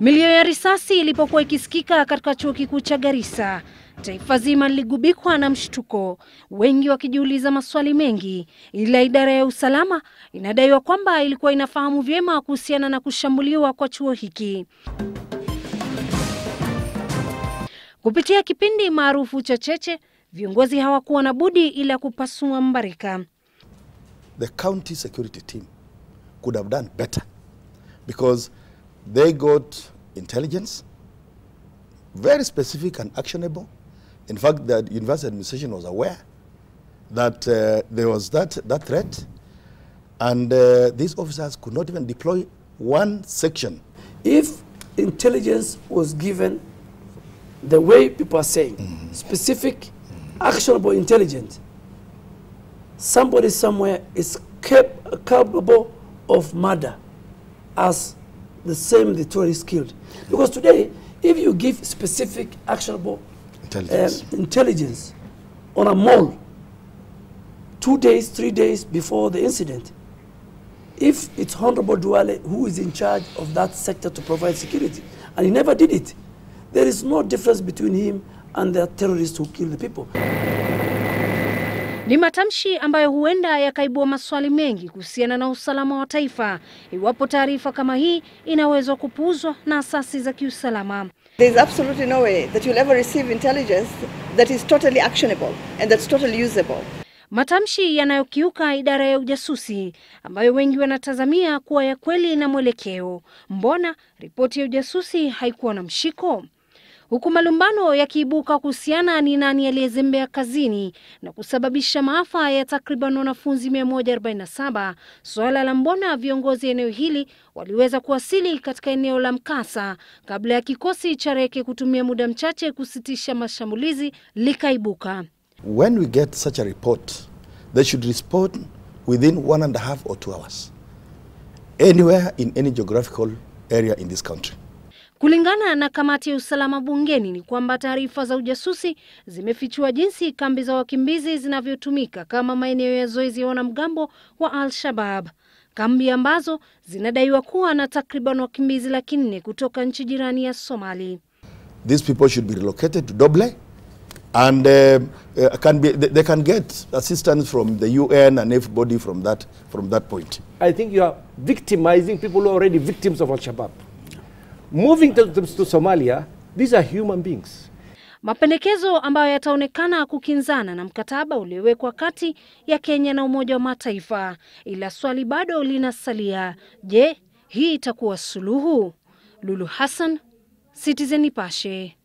Milio ya risasi ilipokuwa ikisikika katika chuo kikuu cha Garissa, taifa zima liligubikwa na mshtuko, wengi wakijiuliza maswali mengi, ila idara ya usalama inadaiwa kwamba ilikuwa inafahamu vyema kuhusiana na kushambuliwa kwa chuo hiki. Kupitia kipindi maarufu cha Cheche, viongozi hawakuwa na budi ila kupasua mbarika. The county security team could have done better because They got intelligence, very specific and actionable. In fact, the university administration was aware that uh, there was that, that threat, and uh, these officers could not even deploy one section. If intelligence was given the way people are saying, mm specific, actionable intelligence, somebody somewhere is cap capable of murder as the same the terrorist killed. Because today, if you give specific actionable intelligence, um, intelligence on a mall two days, three days before the incident, if it's Honorable Duale who is in charge of that sector to provide security, and he never did it, there is no difference between him and the terrorists who kill the people. Ni matamshi ambayo huenda yakaibua maswali mengi kuhusiana na usalama wa taifa iwapo taarifa kama hii inaweza kupuuzwa na asasi za kiusalama. There is absolutely no way that you'll ever receive intelligence that is totally actionable and that's totally usable. Matamshi yanayokiuka idara ya ujasusi ambayo wengi wanatazamia kuwa ya kweli na mwelekeo. Mbona ripoti ya ujasusi haikuwa na mshiko? huku malumbano yakiibuka kuhusiana ni nani aliyezembea kazini na kusababisha maafa ya takriban wanafunzi 147, suala la mbona viongozi eneo hili waliweza kuwasili katika eneo la mkasa kabla ya kikosi cha reke kutumia muda mchache kusitisha mashambulizi likaibuka. When we get such a report, they should respond within one and a half or two hours anywhere in any geographical area in this country. Kulingana na kamati ya usalama bungeni ni kwamba taarifa za ujasusi zimefichua jinsi kambi za wakimbizi zinavyotumika kama maeneo ya zoezi ya wanamgambo wa Al-Shabaab, kambi ambazo zinadaiwa kuwa na takriban wakimbizi laki nne kutoka nchi jirani ya Somali. These people should be relocated to Doble and uh, uh can be, they can get assistance from the UN and everybody from that, from that point. I think you are victimizing people who are already victims of Al-Shabaab moving them to Somalia, these are human beings. Mapendekezo ambayo yataonekana kukinzana na mkataba uliowekwa kati ya Kenya na Umoja wa Mataifa, ila swali bado linasalia. Je, hii itakuwa suluhu? Lulu Hassan, Citizen Nipashe.